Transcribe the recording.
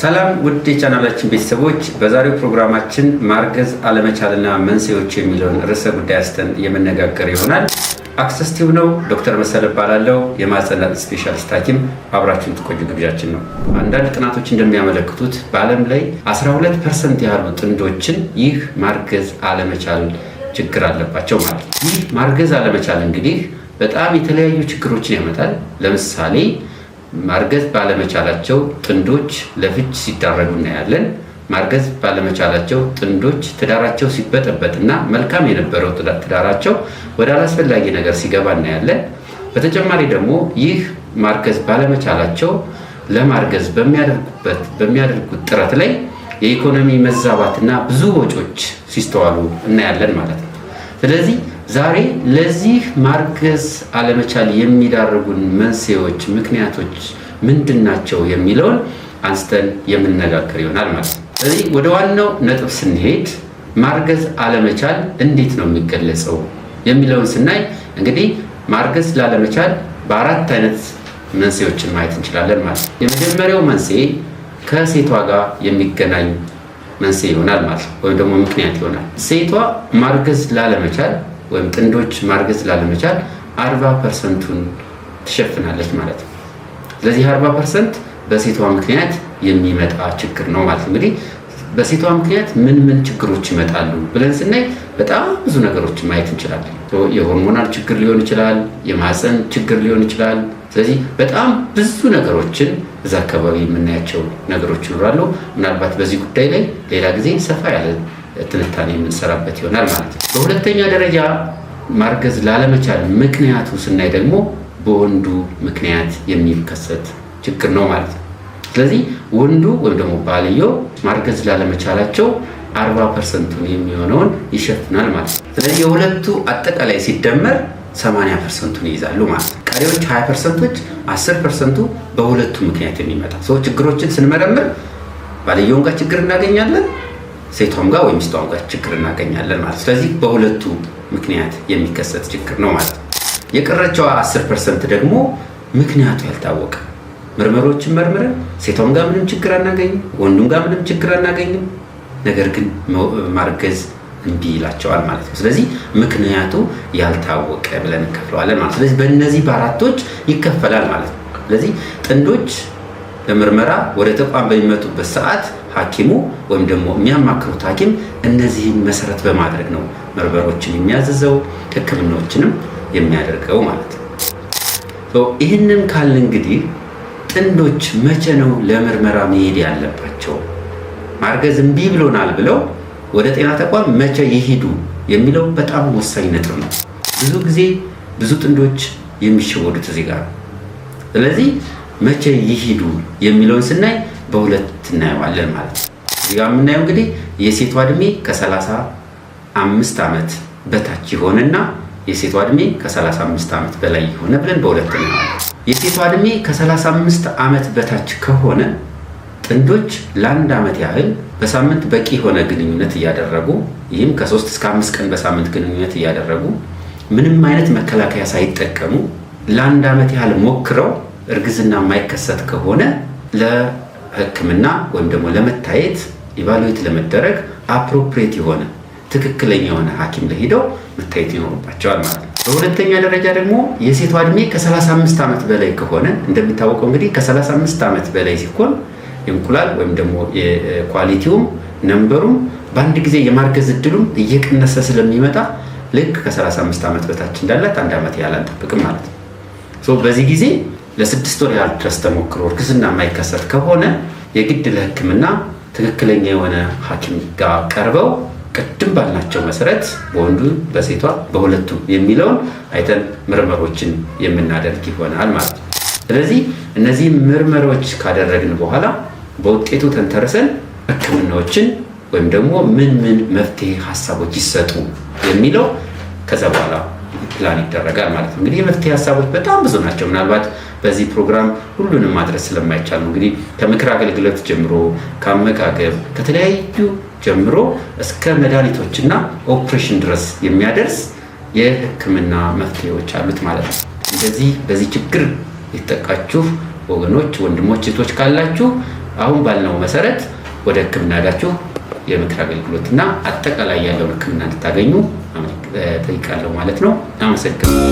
ሰላም ውድ የቻናላችን ቤተሰቦች፣ በዛሬው ፕሮግራማችን ማርገዝ አለመቻልና መንስኤዎች የሚለውን ርዕሰ ጉዳይ አስተን የመነጋገር ይሆናል። አክሰስ ቲዩብ ነው። ዶክተር መሰለ እባላለሁ የማጸናት ስፔሻሊስት ሐኪም። አብራችሁን ትቆዩ ግብዣችን ነው። አንዳንድ ጥናቶች እንደሚያመለክቱት በዓለም ላይ 12 ፐርሰንት ያሉ ጥንዶችን ይህ ማርገዝ አለመቻል ችግር አለባቸው ማለት ነው። ይህ ማርገዝ አለመቻል እንግዲህ በጣም የተለያዩ ችግሮችን ያመጣል። ለምሳሌ ማርገዝ ባለመቻላቸው ጥንዶች ለፍች ሲዳረጉ እናያለን። ማርገዝ ባለመቻላቸው ጥንዶች ትዳራቸው ሲበጠበጥና መልካም የነበረው ትዳራቸው ወደ አላስፈላጊ ነገር ሲገባ እናያለን። በተጨማሪ ደግሞ ይህ ማርገዝ ባለመቻላቸው ለማርገዝ በሚያደርጉት ጥረት ላይ የኢኮኖሚ መዛባትና ብዙ ወጪዎች ሲስተዋሉ እናያለን ማለት ነው። ስለዚህ ዛሬ ለዚህ ማርገዝ አለመቻል የሚዳርጉን መንስኤዎች፣ ምክንያቶች ምንድን ናቸው የሚለውን አንስተን የምንነጋገር ይሆናል ማለት ነው። ስለዚህ ወደ ዋናው ነጥብ ስንሄድ ማርገዝ አለመቻል እንዴት ነው የሚገለጸው የሚለውን ስናይ እንግዲህ ማርገዝ ላለመቻል በአራት አይነት መንስኤዎችን ማየት እንችላለን ማለት ነው። የመጀመሪያው መንስኤ ከሴቷ ጋር የሚገናኝ መንስኤ ይሆናል ማለት ነው፣ ወይም ደግሞ ምክንያት ይሆናል። ሴቷ ማርገዝ ላለመቻል ወይም ጥንዶች ማርገዝ ላለመቻል አርባ ፐርሰንቱን ትሸፍናለች ማለት ነው። ስለዚህ አርባ ፐርሰንት በሴቷ ምክንያት የሚመጣ ችግር ነው ማለት ነው። እንግዲህ በሴቷ ምክንያት ምን ምን ችግሮች ይመጣሉ ብለን ስናይ በጣም ብዙ ነገሮች ማየት እንችላለን። የሆርሞናል ችግር ሊሆን ይችላል፣ የማህፀን ችግር ሊሆን ይችላል። ስለዚህ በጣም ብዙ ነገሮችን እዛ አካባቢ የምናያቸው ነገሮች ይኖራሉ። ምናልባት በዚህ ጉዳይ ላይ ሌላ ጊዜ ሰፋ ያለ ትንታኔ የምንሰራበት ይሆናል ማለት ነው። በሁለተኛ ደረጃ ማርገዝ ላለመቻል ምክንያቱ ስናይ ደግሞ በወንዱ ምክንያት የሚከሰት ችግር ነው ማለት ነው። ስለዚህ ወንዱ ወይም ደግሞ ባልየው ማርገዝ ላለመቻላቸው አርባ ፐርሰንቱን የሚሆነውን ይሸፍናል ማለት ነው። ስለዚህ የሁለቱ አጠቃላይ ሲደመር 80 ፐርሰንቱን ይይዛሉ ማለት ነው። ቀሪዎች 2 ፐርሰንቶች 10 ፐርሰንቱ በሁለቱ ምክንያት የሚመጣ ሰው ችግሮችን ስንመረምር ባልየውን ጋር ችግር እናገኛለን ሴቷም ጋር ወይም ሚስቷም ጋር ችግር እናገኛለን ማለት። ስለዚህ በሁለቱ ምክንያት የሚከሰት ችግር ነው ማለት ነው። 10 ፐርሰንት ደግሞ ምክንያቱ ያልታወቀ ምርመሮችን መርምረን ሴቷም ጋር ምንም ችግር አናገኝም፣ ወንዱም ጋር ምንም ችግር አናገኝም። ነገር ግን ማርገዝ እምቢ ይላቸዋል ማለት ነው። ስለዚህ ምክንያቱ ያልታወቀ ብለን እንከፍለዋለን ማለት። ስለዚህ በእነዚህ በአራቶች ይከፈላል ማለት ነው። ስለዚህ ጥንዶች ለምርመራ ወደ ተቋም በሚመጡበት ሰዓት ሐኪሙ ወይም ደግሞ የሚያማክሩት ሐኪም እነዚህን መሰረት በማድረግ ነው ምርመሮችን የሚያዝዘው ሕክምናዎችንም የሚያደርገው ማለት ነው። ይህንን ካል እንግዲህ ጥንዶች መቼ ነው ለምርመራ መሄድ ያለባቸው? ማርገዝ እምቢ ብሎናል ብለው ወደ ጤና ተቋም መቼ ይሄዱ የሚለው በጣም ወሳኝ ነጥብ ነው። ብዙ ጊዜ ብዙ ጥንዶች የሚሸወዱት እዚህ ጋር ስለዚህ መቼ ይሂዱ የሚለውን ስናይ በሁለት እናየዋለን ማለት ነው። እዚህ የምናየው እንግዲህ የሴቷ እድሜ ከሰላሳ አምስት ዓመት በታች የሆነና የሴቷ እድሜ ከ35 ዓመት በላይ የሆነ ብለን በሁለት እናየዋለን። የሴቷ እድሜ ከ35 ዓመት በታች ከሆነ ጥንዶች ለአንድ ዓመት ያህል በሳምንት በቂ የሆነ ግንኙነት እያደረጉ ይህም ከ3 እስከ 5 ቀን በሳምንት ግንኙነት እያደረጉ ምንም አይነት መከላከያ ሳይጠቀሙ ለአንድ ዓመት ያህል ሞክረው እርግዝና የማይከሰት ከሆነ ለህክምና ወይም ደግሞ ለመታየት ኢቫሉዌት ለመደረግ አፕሮፕሬት የሆነ ትክክለኛ የሆነ ሐኪም ለሄደው ሄደው መታየት ይኖርባቸዋል ማለት ነው። በሁለተኛ ደረጃ ደግሞ የሴቷ እድሜ ከ35 ዓመት በላይ ከሆነ እንደሚታወቀው እንግዲህ ከ35 ዓመት በላይ ሲሆን እንቁላል ወይም ደግሞ የኳሊቲውም ነንበሩም በአንድ ጊዜ የማርገዝ እድሉም እየቀነሰ ስለሚመጣ ልክ ከ35 ዓመት በታች እንዳላት አንድ ዓመት ያህል አንጠብቅም ማለት ነው። በዚህ ጊዜ ለስድስት ወር ያህል ድረስ ተሞክሮ እርግዝና የማይከሰት ከሆነ የግድ ለሕክምና ትክክለኛ የሆነ ሐኪም ጋር ቀርበው ቅድም ባልናቸው መሰረት በወንዱ በሴቷ በሁለቱም የሚለውን አይተን ምርመሮችን የምናደርግ ይሆናል ማለት ነው። ስለዚህ እነዚህ ምርመሮች ካደረግን በኋላ በውጤቱ ተንተርሰን ህክምናዎችን ወይም ደግሞ ምን ምን መፍትሄ ሀሳቦች ይሰጡ የሚለው ከዛ በኋላ ፕላን ይደረጋል ማለት ነው። እንግዲህ የመፍትሄ ሀሳቦች በጣም ብዙ ናቸው። ምናልባት በዚህ ፕሮግራም ሁሉንም ማድረስ ስለማይቻል ነው እንግዲህ ከምክር አገልግሎት ጀምሮ ከአመጋገብ ከተለያዩ ጀምሮ እስከ መድኃኒቶችና ኦፕሬሽን ድረስ የሚያደርስ የሕክምና መፍትሄዎች አሉት ማለት ነው። እንደዚህ በዚህ ችግር የተጠቃችሁ ወገኖች፣ ወንድሞች፣ እህቶች ካላችሁ አሁን ባልነው መሰረት ወደ ሕክምና ሄዳችሁ የምክር አገልግሎትና አጠቃላይ ያለውን ሕክምና እንድታገኙ ጠይቃለሁ ማለት ነው። አመሰግናለሁ።